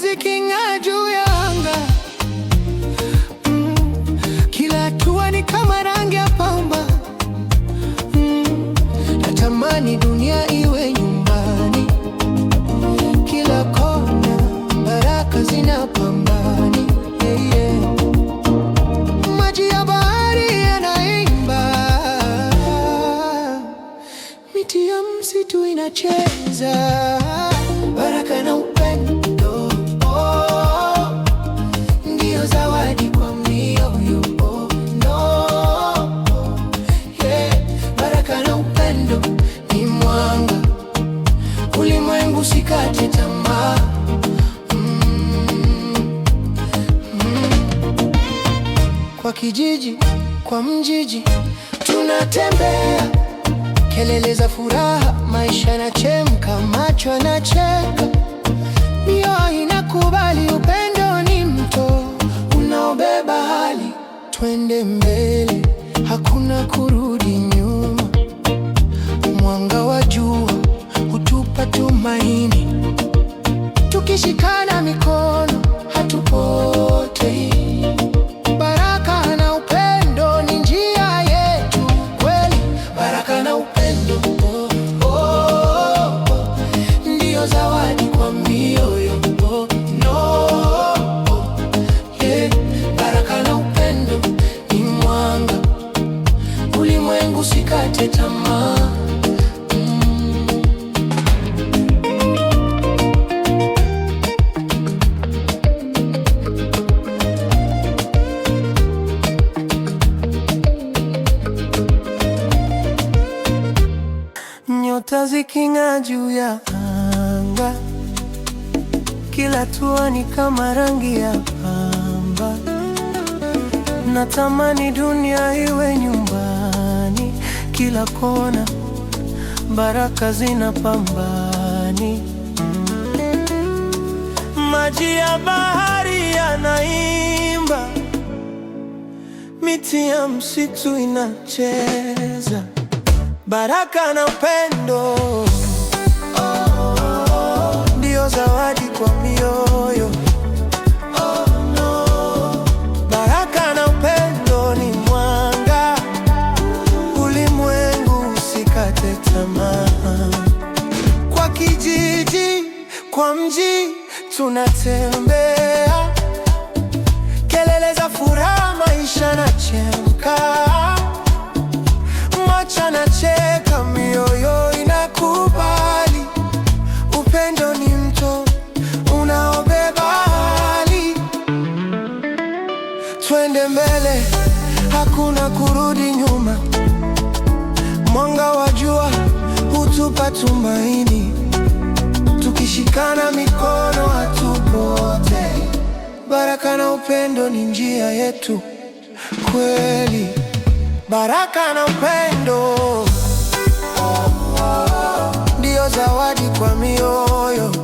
mwezi king'aa juu ya anga mm. Kila hatua ni kama rangi ya pamba mm. Natamani dunia iwe nyumbani, kila kona baraka zinapambani yeah, yeah. Maji ya bahari yanaimba, miti ya msitu inacheza kwa kijiji, kwa mjiji, tunatembea kelele za furaha, maisha yanachemka, macho yanacheka, mioyo inakubali, upendo ni mto unaobeba hali. Twende mbele, hakuna kurudi nyuma, mwanga wa jua hutupa tumaini, tukishikana mikono nyota ziking'a juu ya anga, kila tua ni kama rangi ya pamba. Natamani dunia iwe nyumbani, kila kona baraka zinapambani. Maji ya bahari yanaimba, miti ya msitu inacheza baraka na upendo ndio zawadi kwa mioyo Baraka na upendo ni mwanga ulimwengu, usikate tamaa. Kwa kijiji, kwa mji tunatembea, kelele za furaha, maisha na chemka mbele, hakuna kurudi nyuma. Mwanga wa jua hutupa tumaini, tukishikana mikono hatupotei. Baraka na upendo ni njia yetu kweli, baraka na upendo ndiyo zawadi kwa mioyo